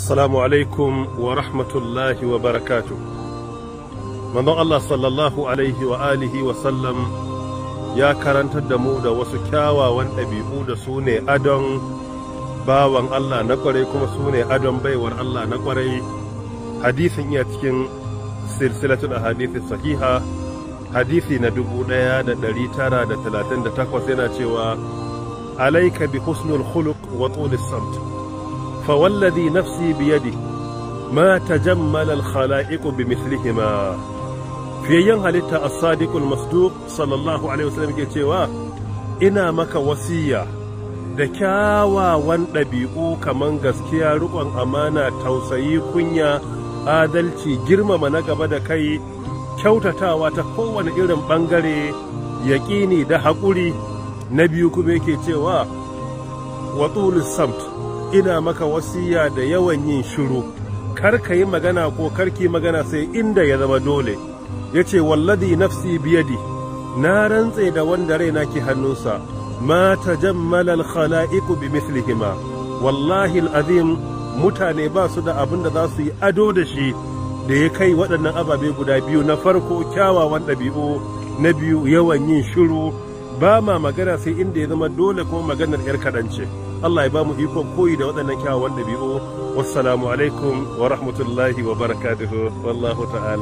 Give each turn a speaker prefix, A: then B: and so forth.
A: Assalamu alaikum wa rahmatullahi wa barakatu. Manzon Allah sallallahu alaihi wa alihi wa sallam ya karantar da mu da wasu kyawawan ɗabi'u da su ne adon bawan Allah na ƙwarai kuma su ne adon baiwar Allah na ƙwarai Hadisin iya cikin da ahadithi sahiha hadisi na dubu ɗaya da ɗari tara da talatin da takwas yana cewa alaika bi husnul khuluq wa tulis samtu فوالذي نفسي بيده ما تجمل الخلائق بمثلهما fiyayyen halitta a sadiqul masduq sallallahu alaihi ke cewa ina maka wasiya da kyawawan ɗabi'u kaman gaskiya riƙon amana tausayi kunya adalci girmama na gaba da kai kyautatawa ta kowane irin ɓangare yaƙini da haƙuri na biyu kuma yake cewa wa samt ina maka wasiya da yawan yin shiru kar ka yi magana ko karki magana sai inda ya zama dole ya ce walladi nafsi biyadi na rantse da wanda raina ke hannunsa ma ta jammalar khala'iku bi mislihima wallahi al'azim mutane ba su da abin da za su yi ado da shi da ya kai waɗannan ababe guda biyu na farko kyawawan ɗabi'u na biyu yawan yin shiru ba ma magana sai inda ya zama dole kuma maganar 'yar kaɗance. Allah ya ba mu ikon koyi da waɗannan kyawawan ɗabi'u wassalamu alaikum wa rahmatullahi wa barakatuhu wallahu ta'ala